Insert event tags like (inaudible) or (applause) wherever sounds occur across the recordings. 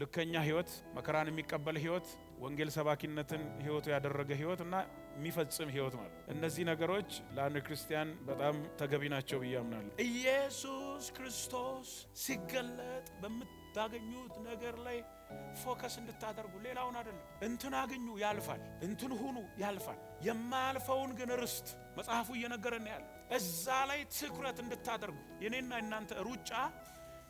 ልከኛ ህይወት፣ መከራን የሚቀበል ህይወት፣ ወንጌል ሰባኪነትን ህይወቱ ያደረገ ህይወት እና የሚፈጽም ህይወት ማለት እነዚህ ነገሮች ለአንድ ክርስቲያን በጣም ተገቢ ናቸው ብዬ አምናለሁ። ኢየሱስ ክርስቶስ ሲገለጥ በምታገኙት ነገር ላይ ፎከስ እንድታደርጉ፣ ሌላውን አይደለም። እንትን አገኙ ያልፋል፣ እንትን ሁኑ ያልፋል። የማያልፈውን ግን ርስት መጽሐፉ እየነገረን ያለ እዛ ላይ ትኩረት እንድታደርጉ የኔና እናንተ ሩጫ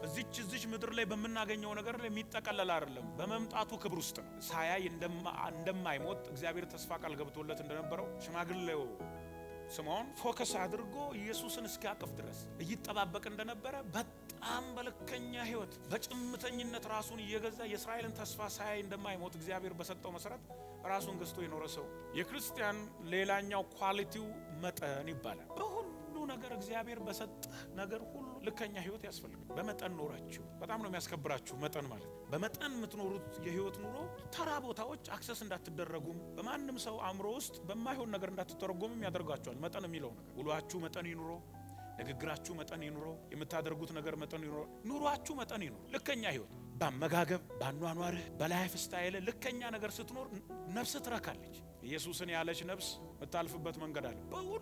እዚች እዚች ምድር ላይ በምናገኘው ነገር ላይ የሚጠቀለል አይደለም። በመምጣቱ ክብር ውስጥ ነው። ሳያይ እንደማይሞት እግዚአብሔር ተስፋ ቃል ገብቶለት እንደነበረው ሽማግሌው ስምዖን ፎከስ አድርጎ ኢየሱስን እስኪያቅፍ ድረስ እይጠባበቅ እንደነበረ በጣም በልከኛ ሕይወት በጭምተኝነት ራሱን እየገዛ የእስራኤልን ተስፋ ሳያይ እንደማይሞት እግዚአብሔር በሰጠው መሰረት ራሱን ገዝቶ የኖረ ሰው። የክርስቲያን ሌላኛው ኳሊቲው መጠን ይባላል። በሁሉ ነገር እግዚአብሔር በሰጠህ ነገር ሁሉ ልከኛ ህይወት ያስፈልጋል። በመጠን ኖራችሁ በጣም ነው የሚያስከብራችሁ። መጠን ማለት በመጠን የምትኖሩት የህይወት ኑሮ ተራ ቦታዎች አክሰስ እንዳትደረጉም በማንም ሰው አእምሮ ውስጥ በማይሆን ነገር እንዳትተረጎምም ያደርጓቸዋል። መጠን የሚለው ነገር ውሏችሁ መጠን ይኑሮ፣ ንግግራችሁ መጠን ይኑሮ፣ የምታደርጉት ነገር መጠን ይኑሮ፣ ኑሯችሁ መጠን ይኑሮ። ልከኛ ህይወት በአመጋገብ በአኗኗርህ በላይፍ ስታይል ልከኛ ነገር ስትኖር ነፍስ ትረካለች። ኢየሱስን ያለች ነፍስ የምታልፍበት መንገድ አለ በሁሉ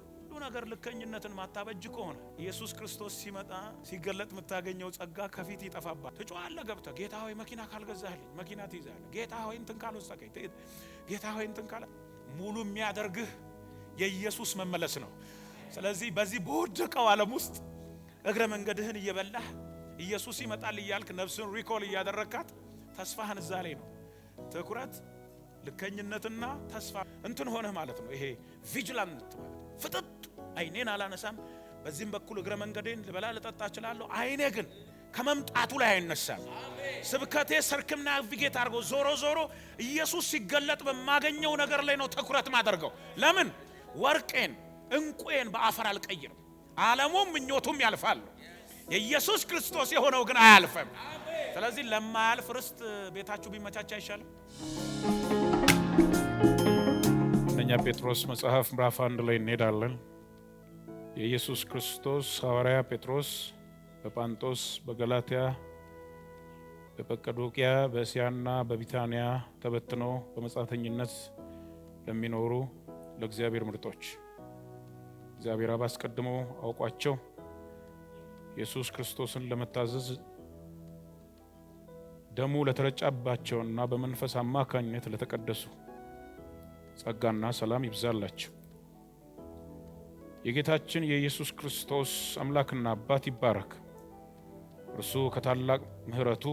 ነገር ልከኝነትን ማታበጅ ከሆነ ኢየሱስ ክርስቶስ ሲመጣ ሲገለጥ የምታገኘው ጸጋ ከፊት ይጠፋባል። ትጮዋለ ገብተ ጌታ ሆይ መኪና ካልገዛህልኝ መኪና ትይዛለ። ጌታ ሆይ እንትን ካልወሰከኝ ጌታ ሆይ እንትን ካለ ሙሉ የሚያደርግህ የኢየሱስ መመለስ ነው። ስለዚህ በዚህ በወደቀው ዓለም ውስጥ እግረ መንገድህን እየበላህ ኢየሱስ ይመጣል እያልክ ነፍስን ሪኮል እያደረግካት ተስፋህን እዛ ላይ ነው ትኩረት ልከኝነትና ተስፋ እንትን ሆነህ ማለት ነው። ይሄ ቪጅላንት ማለት ፍጥጥ አይኔን አላነሳም። በዚህም በኩል እግረ መንገዴን ልበላ ልጠጣ እችላለሁ። አይኔ ግን ከመምጣቱ ላይ አይነሳም። ስብከቴ ሰርክም ናቪጌት አድርገው ዞሮ ዞሮ ኢየሱስ ሲገለጥ በማገኘው ነገር ላይ ነው ትኩረት ማደርገው። ለምን ወርቄን እንቁዬን በአፈር አልቀይርም። ዓለሙም ምኞቱም ያልፋሉ። የኢየሱስ ክርስቶስ የሆነው ግን አያልፈም። ስለዚህ ለማያልፍ ርስት ቤታችሁ ቢመቻች አይሻልም? እነኛ ጴጥሮስ መጽሐፍ ምዕራፍ አንድ ላይ እንሄዳለን። የኢየሱስ ክርስቶስ ሐዋርያ ጴጥሮስ በጳንጦስ፣ በገላትያ፣ በጰቅዶቅያ፣ በእስያና በቢታንያ ተበትኖ በመጻተኝነት ለሚኖሩ ለእግዚአብሔር ምርጦች እግዚአብሔር አብ አስቀድሞ አውቋቸው ኢየሱስ ክርስቶስን ለመታዘዝ ደሙ ለተረጫባቸውና በመንፈስ አማካኝነት ለተቀደሱ ጸጋና ሰላም ይብዛላቸው። የጌታችን የኢየሱስ ክርስቶስ አምላክና አባት ይባረክ። እርሱ ከታላቅ ምሕረቱ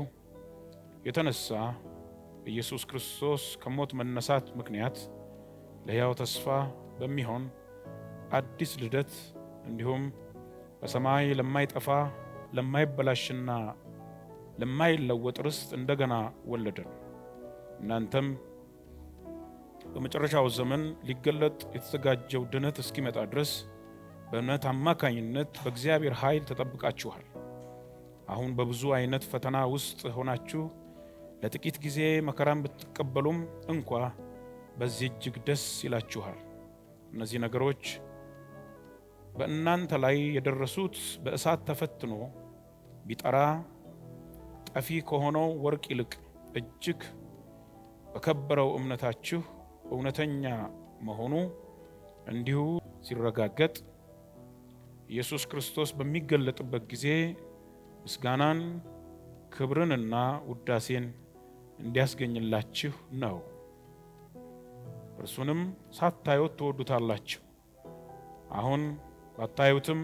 የተነሳ ኢየሱስ ክርስቶስ ከሞት መነሳት ምክንያት ለሕያው ተስፋ በሚሆን አዲስ ልደት እንዲሁም በሰማይ ለማይጠፋ ለማይበላሽና ለማይለወጥ ርስት እንደገና ወለደን። እናንተም በመጨረሻው ዘመን ሊገለጥ የተዘጋጀው ድነት እስኪመጣ ድረስ በእምነት አማካኝነት በእግዚአብሔር ኃይል ተጠብቃችኋል። አሁን በብዙ አይነት ፈተና ውስጥ ሆናችሁ ለጥቂት ጊዜ መከራን ብትቀበሉም እንኳ በዚህ እጅግ ደስ ይላችኋል። እነዚህ ነገሮች በእናንተ ላይ የደረሱት በእሳት ተፈትኖ ቢጠራ ጠፊ ከሆነው ወርቅ ይልቅ እጅግ በከበረው እምነታችሁ እውነተኛ መሆኑ እንዲሁ ሲረጋገጥ ኢየሱስ ክርስቶስ በሚገለጥበት ጊዜ ምስጋናን ክብርንና ውዳሴን እንዲያስገኝላችሁ ነው። እርሱንም ሳታዩት ትወዱታላችሁ፣ አሁን ባታዩትም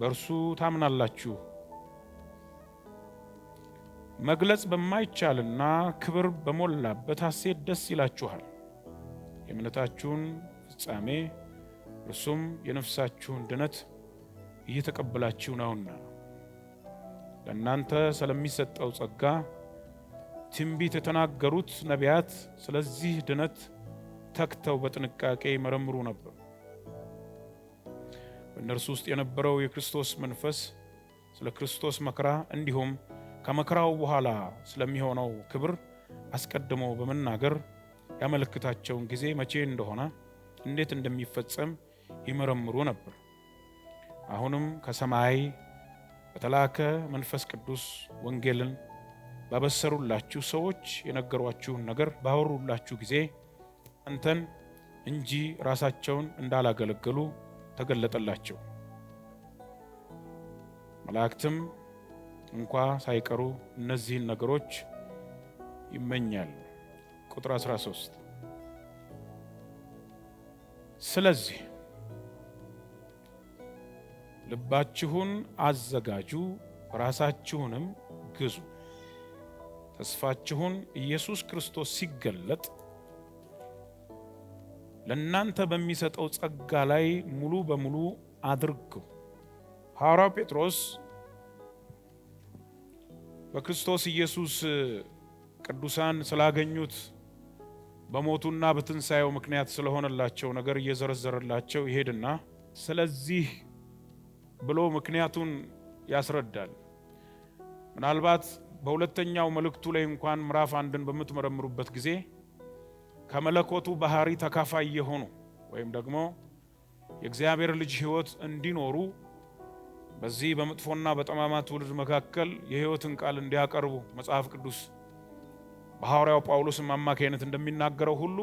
በእርሱ ታምናላችሁ። መግለጽ በማይቻልና ክብር በሞላበት ሐሴት ደስ ይላችኋል። የእምነታችሁን ፍጻሜ እርሱም የነፍሳችሁን ድነት እየተቀበላችሁ ነውና ለእናንተ ስለሚሰጠው ጸጋ ትንቢት የተናገሩት ነቢያት ስለዚህ ድነት ተክተው በጥንቃቄ ይመረምሩ ነበር። በእነርሱ ውስጥ የነበረው የክርስቶስ መንፈስ ስለ ክርስቶስ መከራ እንዲሁም ከመከራው በኋላ ስለሚሆነው ክብር አስቀድሞ በመናገር ያመለክታቸውን ጊዜ መቼ እንደሆነ እንዴት እንደሚፈጸም ይመረምሩ ነበር። አሁንም ከሰማይ በተላከ መንፈስ ቅዱስ ወንጌልን ባበሰሩላችሁ ሰዎች የነገሯችሁን ነገር ባወሩላችሁ ጊዜ አንተን እንጂ ራሳቸውን እንዳላገለገሉ ተገለጠላቸው። መላእክትም እንኳ ሳይቀሩ እነዚህን ነገሮች ይመኛል። ቁጥር 13 ስለዚህ ልባችሁን አዘጋጁ፣ ራሳችሁንም ግዙ። ተስፋችሁን ኢየሱስ ክርስቶስ ሲገለጥ ለእናንተ በሚሰጠው ጸጋ ላይ ሙሉ በሙሉ አድርጉ። ሐዋርያው ጴጥሮስ በክርስቶስ ኢየሱስ ቅዱሳን ስላገኙት በሞቱና በትንሣኤው ምክንያት ስለሆነላቸው ነገር እየዘረዘረላቸው ይሄድና ስለዚህ ብሎ ምክንያቱን ያስረዳል። ምናልባት በሁለተኛው መልእክቱ ላይ እንኳን ምዕራፍ አንድን በምትመረምሩበት ጊዜ ከመለኮቱ ባህሪ ተካፋይ የሆኑ ወይም ደግሞ የእግዚአብሔር ልጅ ሕይወት እንዲኖሩ በዚህ በመጥፎና በጠማማ ትውልድ መካከል የሕይወትን ቃል እንዲያቀርቡ መጽሐፍ ቅዱስ በሐዋርያው ጳውሎስም አማካይነት እንደሚናገረው ሁሉ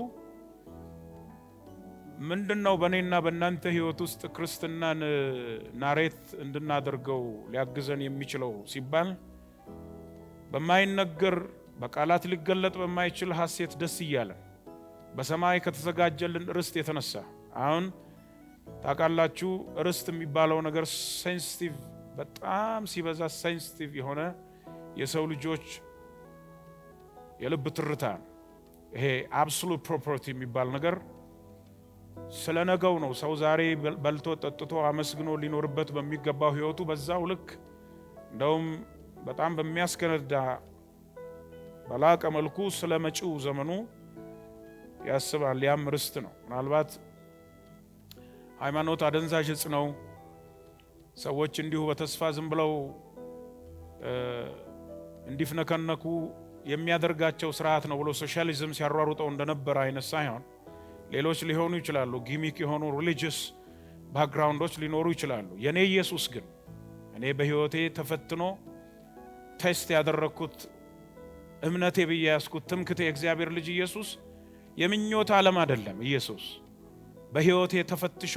ምንድን ነው በእኔና በእናንተ ህይወት ውስጥ ክርስትናን ናሬት እንድናደርገው ሊያግዘን የሚችለው ሲባል በማይነገር በቃላት ሊገለጥ በማይችል ሐሴት ደስ እያለ በሰማይ ከተዘጋጀልን ርስት የተነሳ አሁን ታውቃላችሁ፣ ርስት የሚባለው ነገር ሴንስቲቭ በጣም ሲበዛ ሴንስቲቭ የሆነ የሰው ልጆች የልብ ትርታ ይሄ አብሶሉት ፕሮፐርቲ የሚባል ነገር ስለ ነገው ነው። ሰው ዛሬ በልቶ ጠጥቶ አመስግኖ ሊኖርበት በሚገባው ህይወቱ በዛው ልክ እንደውም በጣም በሚያስገነዳ በላቀ መልኩ ስለ መጪው ዘመኑ ያስባል። ያም ርስት ነው። ምናልባት ሃይማኖት አደንዛዥ እጽ ነው። ሰዎች እንዲሁ በተስፋ ዝም ብለው እንዲፍነከነኩ የሚያደርጋቸው ስርዓት ነው ብሎ ሶሻሊዝም ሲያሯሩጠው እንደነበረ አይነት ሳይሆን ሌሎች ሊሆኑ ይችላሉ። ጊሚክ የሆኑ ሪሊጂየስ ባክግራውንዶች ሊኖሩ ይችላሉ። የኔ ኢየሱስ ግን እኔ በህይወቴ ተፈትኖ ቴስት ያደረግኩት እምነቴ ብዬ ያስኩት ትምክቴ የእግዚአብሔር ልጅ ኢየሱስ የምኞት ዓለም አይደለም። ኢየሱስ በህይወቴ ተፈትሾ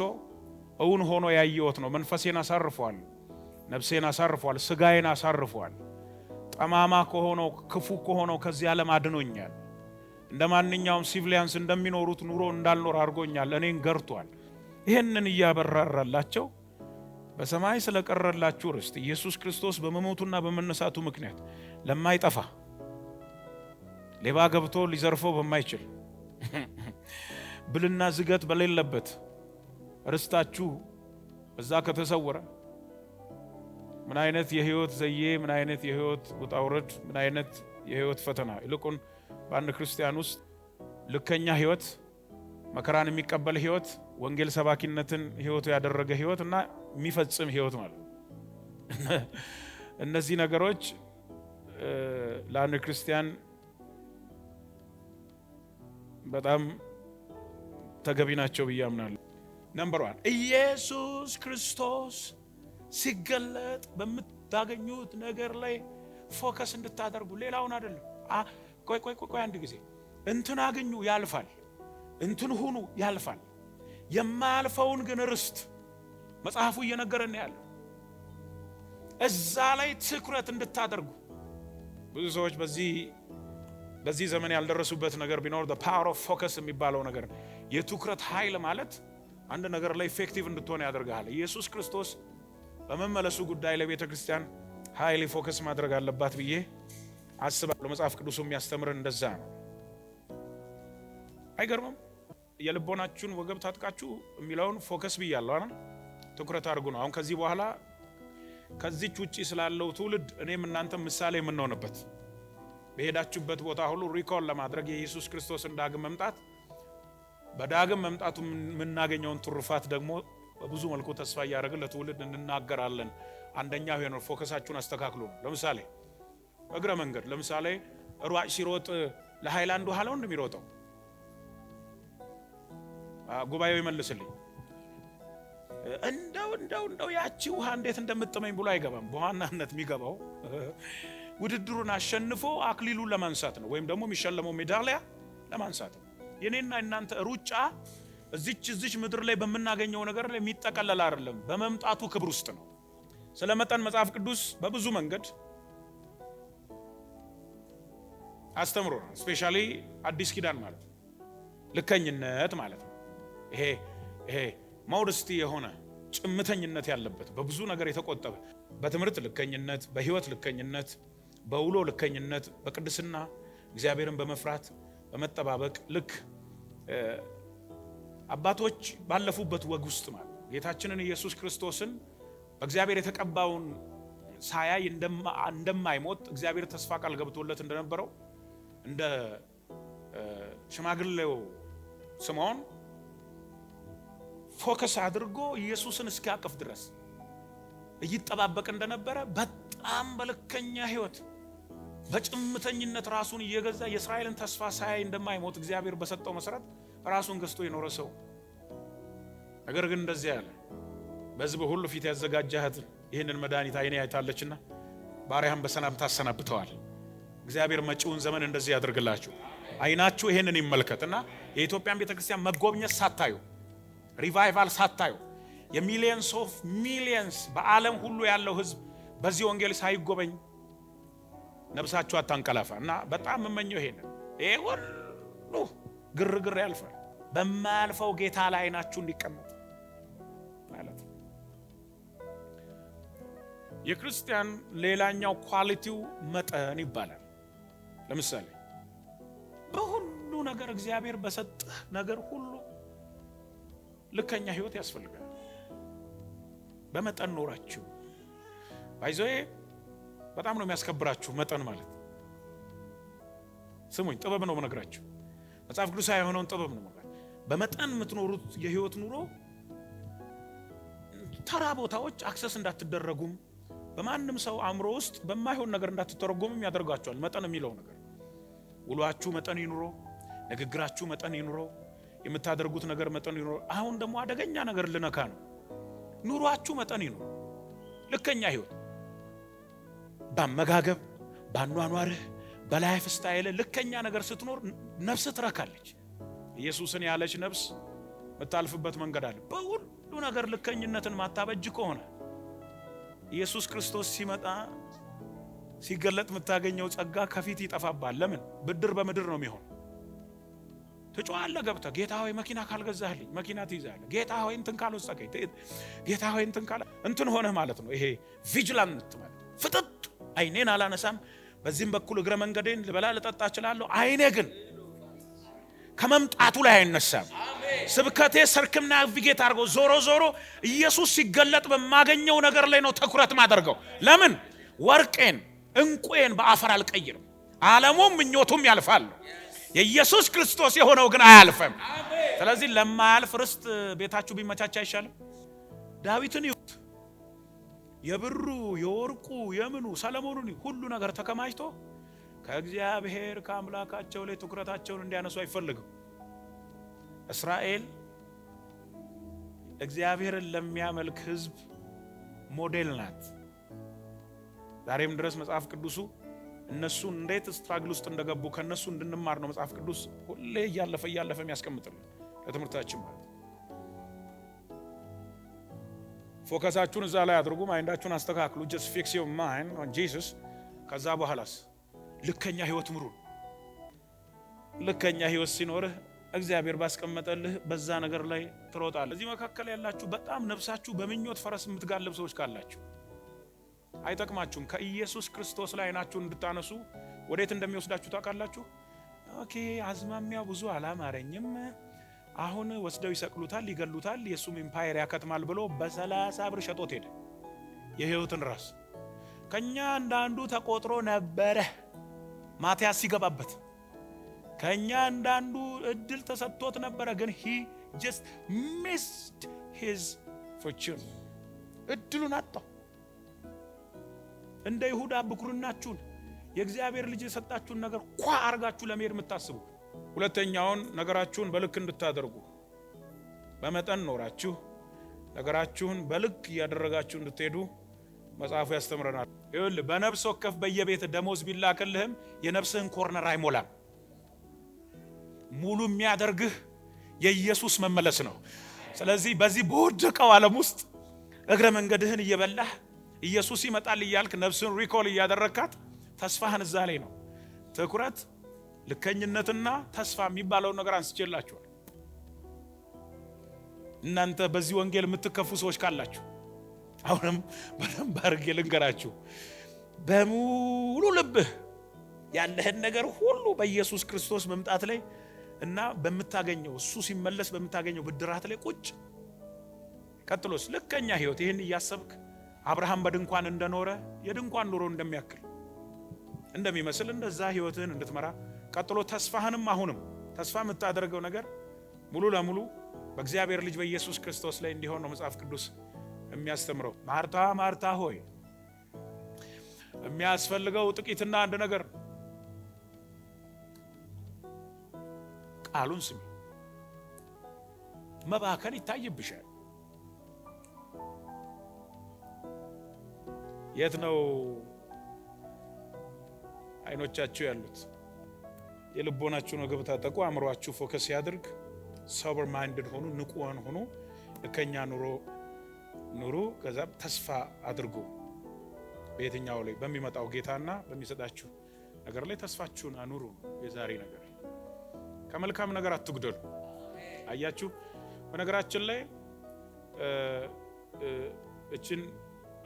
እውን ሆኖ ያየሁት ነው። መንፈሴን አሳርፏል፣ ነፍሴን አሳርፏል፣ ስጋዬን አሳርፏል። ጠማማ ከሆነው ክፉ ከሆነው ከዚህ ዓለም አድኖኛል። እንደ ማንኛውም ሲቪሊያንስ እንደሚኖሩት ኑሮ እንዳልኖር አድርጎኛል፣ እኔን ገርቷል። ይህንን እያበራራላቸው በሰማይ ስለቀረላችሁ ርስት ኢየሱስ ክርስቶስ በመሞቱና በመነሳቱ ምክንያት ለማይጠፋ ሌባ ገብቶ ሊዘርፈው በማይችል (laughs) ብልና ዝገት በሌለበት ርስታችሁ እዛ ከተሰወረ ምን አይነት የህይወት ዘዬ፣ ምን አይነት የህይወት ውጣውረድ፣ ምን አይነት የህይወት ፈተና ይልቁን በአንድ ክርስቲያን ውስጥ ልከኛ ህይወት፣ መከራን የሚቀበል ህይወት፣ ወንጌል ሰባኪነትን ህይወቱ ያደረገ ህይወት እና የሚፈጽም ህይወት ማለት እነዚህ ነገሮች ለአንድ ክርስቲያን በጣም ተገቢ ናቸው ብዬ አምናለሁ። ነምበር ዋን ኢየሱስ ክርስቶስ ሲገለጥ በምታገኙት ነገር ላይ ፎከስ እንድታደርጉ ሌላውን አይደለም። ቆይ ቆይ ቆይ አንድ ጊዜ እንትን አግኙ ያልፋል፣ እንትን ሁኑ ያልፋል። የማያልፈውን ግን ርስት መጽሐፉ እየነገረን ያለ። እዛ ላይ ትኩረት እንድታደርጉ ብዙ ሰዎች በዚህ በዚህ ዘመን ያልደረሱበት ነገር ቢኖር ፓወር ኦፍ ፎከስ የሚባለው ነገር የትኩረት ኃይል ማለት አንድ ነገር ላይ ኢፌክቲቭ እንድትሆን ያደርግሃል። ኢየሱስ ክርስቶስ በመመለሱ ጉዳይ ለቤተ ክርስቲያን ሀይሊ ፎከስ ማድረግ አለባት ብዬ አስባለሁ። መጽሐፍ ቅዱሱ የሚያስተምርን እንደዛ ነው። አይገርምም? የልቦናችሁን ወገብ ታጥቃችሁ የሚለውን ፎከስ ብያለሁ አይደል? ትኩረት አድርጉ ነው። አሁን ከዚህ በኋላ ከዚች ውጭ ስላለው ትውልድ እኔም እናንተም ምሳሌ የምንሆንበት በሄዳችሁበት ቦታ ሁሉ ሪኮል ለማድረግ የኢየሱስ ክርስቶስን ዳግም መምጣት በዳግም መምጣቱ የምናገኘውን ትሩፋት ደግሞ በብዙ መልኩ ተስፋ እያደረግን ለትውልድ እንናገራለን። አንደኛ ሆኖ ፎከሳችሁን አስተካክሉ። ለምሳሌ እግረ መንገድ ለምሳሌ ሯጭ ሲሮጥ ለሃይላንድ ውሃ ነው እንደሚሮጠው ጉባኤው ይመልስልኝ። እንደው እንደው እንደው ያቺ ውሃ እንዴት እንደምጥመኝ ብሎ አይገባም። በዋናነት የሚገባው (laughs) ውድድሩን አሸንፎ አክሊሉን ለማንሳት ነው፣ ወይም ደግሞ የሚሸለመው ሜዳሊያ ለማንሳት ነው። የኔና እናንተ ሩጫ እዚች እዚች ምድር ላይ በምናገኘው ነገር ላይ የሚጠቀለል አይደለም፣ በመምጣቱ ክብር ውስጥ ነው። ስለ መጠን መጽሐፍ ቅዱስ በብዙ መንገድ አስተምሮናል። እስፔሻሊ አዲስ ኪዳን ማለት ነው፣ ልከኝነት ማለት ነው። ይሄ ይሄ ማውደስቲ የሆነ ጭምተኝነት ያለበት በብዙ ነገር የተቆጠበ በትምህርት ልከኝነት፣ በህይወት ልከኝነት፣ በውሎ ልከኝነት፣ በቅድስና እግዚአብሔርን በመፍራት በመጠባበቅ ልክ አባቶች ባለፉበት ወግ ውስጥ ማለት ጌታችንን ኢየሱስ ክርስቶስን በእግዚአብሔር የተቀባውን ሳያይ እንደማይሞት እግዚአብሔር ተስፋ ቃል ገብቶለት እንደነበረው እንደ ሽማግሌው ስምዖን ፎከስ አድርጎ ኢየሱስን እስኪያቅፍ ድረስ እይጠባበቅ እንደነበረ በጣም በልከኛ ህይወት በጭምተኝነት ራሱን እየገዛ የእስራኤልን ተስፋ ሳያይ እንደማይሞት እግዚአብሔር በሰጠው መሰረት ራሱን ገዝቶ የኖረ ሰው ነገር ግን እንደዚያ ያለ በሕዝብ ሁሉ ፊት ያዘጋጀህት ይህንን መድኃኒት አይኔ አይታለችና ባሪያህን በሰላም አሰናብተዋል። እግዚአብሔር መጪውን ዘመን እንደዚህ ያደርግላችሁ። አይናችሁ ይህንን ይመልከትና የኢትዮጵያን ቤተክርስቲያን መጎብኘት ሳታዩ ሪቫይቫል ሳታዩ የሚሊየንስ ኦፍ ሚሊየንስ በዓለም ሁሉ ያለው ህዝብ በዚህ ወንጌል ሳይጎበኝ ነብሳችሁ አታንቀላፋ እና በጣም የምመኘው ይሄንን ይሄ ሁሉ ግርግር ያልፋል። በማያልፈው ጌታ ላይ አይናችሁ እንዲቀመጥ የክርስቲያን ሌላኛው ኳሊቲው መጠን ይባላል። ለምሳሌ በሁሉ ነገር እግዚአብሔር በሰጠህ ነገር ሁሉ ልከኛ ህይወት ያስፈልጋል። በመጠን ኖራችሁ ባይዘዬ በጣም ነው የሚያስከብራችሁ። መጠን ማለት ስሙኝ፣ ጥበብ ነው መነግራችሁ። መጽሐፍ ቅዱስ የሆነውን ጥበብ ነው። በመጠን የምትኖሩት የህይወት ኑሮ ተራ ቦታዎች አክሰስ እንዳትደረጉም በማንም ሰው አእምሮ ውስጥ በማይሆን ነገር እንዳትተረጎምም ያደርጋቸዋል። መጠን የሚለው ነገር ውሏችሁ መጠን ይኑሮ፣ ንግግራችሁ መጠን ይኑሮ፣ የምታደርጉት ነገር መጠን ይኑሮ። አሁን ደግሞ አደገኛ ነገር ልነካ ነው። ኑሯችሁ መጠን ይኑሮ። ልከኛ ህይወት በአመጋገብ በአኗኗርህ በላይፍ ስታይል ልከኛ ነገር ስትኖር ነፍስ ትረካለች። ኢየሱስን ያለች ነፍስ የምታልፍበት መንገድ አለ። በሁሉ ነገር ልከኝነትን ማታበጅ ከሆነ ኢየሱስ ክርስቶስ ሲመጣ ሲገለጥ የምታገኘው ጸጋ ከፊት ይጠፋባል። ለምን? ብድር በምድር ነው የሚሆን። ትጮዋለህ ገብተህ ጌታ ሆይ መኪና ካልገዛህልኝ፣ መኪና ትይዛለህ። ጌታ ሆይ እንትን ካልወሰከኝ፣ ጌታ ሆይ እንትን ካላ እንትን ሆነህ ማለት ነው። ይሄ ቪጅላንት ማለት ፍጥጥ፣ አይኔን አላነሳም፣ በዚህም በኩል እግረ መንገዴን ልበላ ልጠጣ እችላለሁ። አይኔ ግን ከመምጣቱ ላይ አይነሳም። ስብከቴ ሰርክምና ቪጌት አድርገው ዞሮ ዞሮ ኢየሱስ ሲገለጥ በማገኘው ነገር ላይ ነው ትኩረት ማደርገው። ለምን ወርቄን እንቁን በአፈር አልቀይርም። ዓለሙም ምኞቱም ያልፋሉ፣ የኢየሱስ ክርስቶስ የሆነው ግን አያልፈም። ስለዚህ ለማያልፍ ርስት ቤታችሁ ቢመቻች አይሻልም? ዳዊትን ይሁት የብሩ የወርቁ የምኑ ሰለሞኑን ሁሉ ነገር ተከማችቶ ከእግዚአብሔር ከአምላካቸው ላይ ትኩረታቸውን እንዲያነሱ አይፈልግም። እስራኤል እግዚአብሔርን ለሚያመልክ ሕዝብ ሞዴል ናት። ዛሬም ድረስ መጽሐፍ ቅዱሱ እነሱ እንዴት ስትራግል ውስጥ እንደገቡ ከእነሱ እንድንማር ነው መጽሐፍ ቅዱስ ሁሌ እያለፈ እያለፈ የሚያስቀምጥልን ለትምህርታችን ማለት ፎከሳችሁን እዛ ላይ አድርጉ። ማይንዳችሁን አስተካክሉ። ጀስት ፊክስ ዮር ማይንድ ኦን ጂሰስ። ከዛ በኋላስ ልከኛ ህይወት ምሩን። ልከኛ ህይወት ሲኖርህ እግዚአብሔር ባስቀመጠልህ በዛ ነገር ላይ ትሮጣለህ። እዚህ መካከል ያላችሁ በጣም ነፍሳችሁ በምኞት ፈረስ የምትጋልብ ሰዎች ካላችሁ አይጠቅማችሁም። ከኢየሱስ ክርስቶስ ላይ አይናችሁን እንድታነሱ ወዴት እንደሚወስዳችሁ ታውቃላችሁ። ኦኬ አዝማሚያ ብዙ አላማረኝም፣ አሁን ወስደው ይሰቅሉታል፣ ይገሉታል፣ የእሱም ኢምፓየር ያከትማል ብሎ በሰላሳ ብር ሸጦት ሄደ የህይወትን ራስ። ከእኛ አንዳንዱ ተቆጥሮ ነበረ ማትያስ ሲገባበት ከእኛ አንዳንዱ እድል ተሰጥቶት ነበረ፣ ግን ሂ ጀስት ሚስድ ሂዝ ፎርቹን እድሉን አጣው። እንደ ይሁዳ ብኩርናችሁን የእግዚአብሔር ልጅ የሰጣችሁን ነገር ኳ አርጋችሁ ለመሄድ የምታስቡ ሁለተኛውን ነገራችሁን በልክ እንድታደርጉ በመጠን ኖራችሁ ነገራችሁን በልክ እያደረጋችሁ እንድትሄዱ መጽሐፉ ያስተምረናል። ይኸውልህ በነፍስ ወከፍ በየቤት ደሞዝ ቢላክልህም የነፍስህን ኮርነር አይሞላም። ሙሉ የሚያደርግህ የኢየሱስ መመለስ ነው። ስለዚህ በዚህ በወደቀው ዓለም ውስጥ እግረ መንገድህን እየበላህ ኢየሱስ ይመጣል እያልክ ነፍስን ሪኮል እያደረግካት ተስፋህን እዛ ላይ ነው። ትኩረት፣ ልከኝነትና ተስፋ የሚባለውን ነገር አንስቼላችኋል። እናንተ በዚህ ወንጌል የምትከፉ ሰዎች ካላችሁ አሁንም በደንብ አድርጌ ልንገራችሁ። በሙሉ ልብህ ያለህን ነገር ሁሉ በኢየሱስ ክርስቶስ መምጣት ላይ እና በምታገኘው እሱ ሲመለስ በምታገኘው ብድራት ላይ ቁጭ። ቀጥሎስ ልከኛ ህይወት ይህን እያሰብክ አብርሃም በድንኳን እንደኖረ የድንኳን ኑሮ እንደሚያክል እንደሚመስል እንደዛ ህይወትህን እንድትመራ ቀጥሎ ተስፋህንም አሁንም ተስፋ የምታደርገው ነገር ሙሉ ለሙሉ በእግዚአብሔር ልጅ በኢየሱስ ክርስቶስ ላይ እንዲሆን ነው መጽሐፍ ቅዱስ የሚያስተምረው። ማርታ ማርታ ሆይ የሚያስፈልገው ጥቂትና አንድ ነገር ቃሉን ስሚ። መባከን ይታይብሻል። የት ነው አይኖቻችሁ ያሉት? የልቦናችሁን ወገብ ታጠቁ። አእምሯችሁ ፎከስ ያድርግ። ሶበር ማይንድድ ሆኑ፣ ንቁዋን ሆኑ። እከኛ ኑሮ ኑሩ። ከዛ ተስፋ አድርጉ። በየትኛው ላይ? በሚመጣው ጌታና በሚሰጣችሁ ነገር ላይ ተስፋችሁን አኑሩ። የዛሬ ነገር ከመልካም ነገር አትጉደሉ። አያችሁ፣ በነገራችን ላይ እችን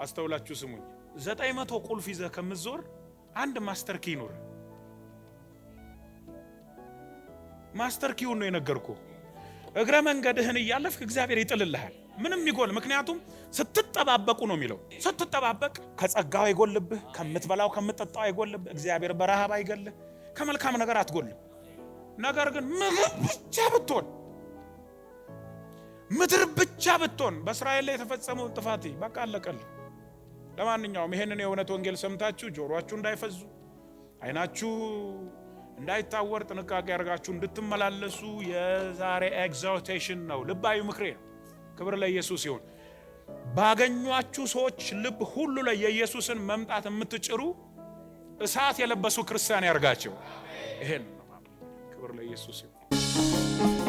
አስተውላችሁ ስሙኝ። ዘጠኝ መቶ ቁልፍ ይዘህ ከምትዞር አንድ ማስተር ኪ ይኑር። ማስተር ኪውን ነው የነገርኩ። እግረ መንገድህን እያለፍክ እግዚአብሔር ይጥልልሃል። ምንም ይጎል። ምክንያቱም ስትጠባበቁ ነው የሚለው። ስትጠባበቅ ከጸጋው አይጎልብህ፣ ከምትበላው ከምትጠጣው አይጎልብህ። እግዚአብሔር በረሃብ አይገልህ። ከመልካም ነገር አትጎልም። ነገር ግን ምድር ብቻ ብትሆን ምድር ብቻ ብትሆን በእስራኤል ላይ የተፈጸመውን ጥፋቴ በቃ አለቀል። ለማንኛውም ይሄንን የእውነት ወንጌል ሰምታችሁ ጆሮችሁ እንዳይፈዙ አይናችሁ እንዳይታወር ጥንቃቄ አድርጋችሁ እንድትመላለሱ የዛሬ ኤግዛውቴሽን ነው፣ ልባዊ ምክሬ ነው። ክብር ለኢየሱስ ይሁን። ባገኟችሁ ሰዎች ልብ ሁሉ ላይ የኢየሱስን መምጣት የምትጭሩ እሳት የለበሱ ክርስቲያን ያርጋቸው። ይሄን por ley es sucio.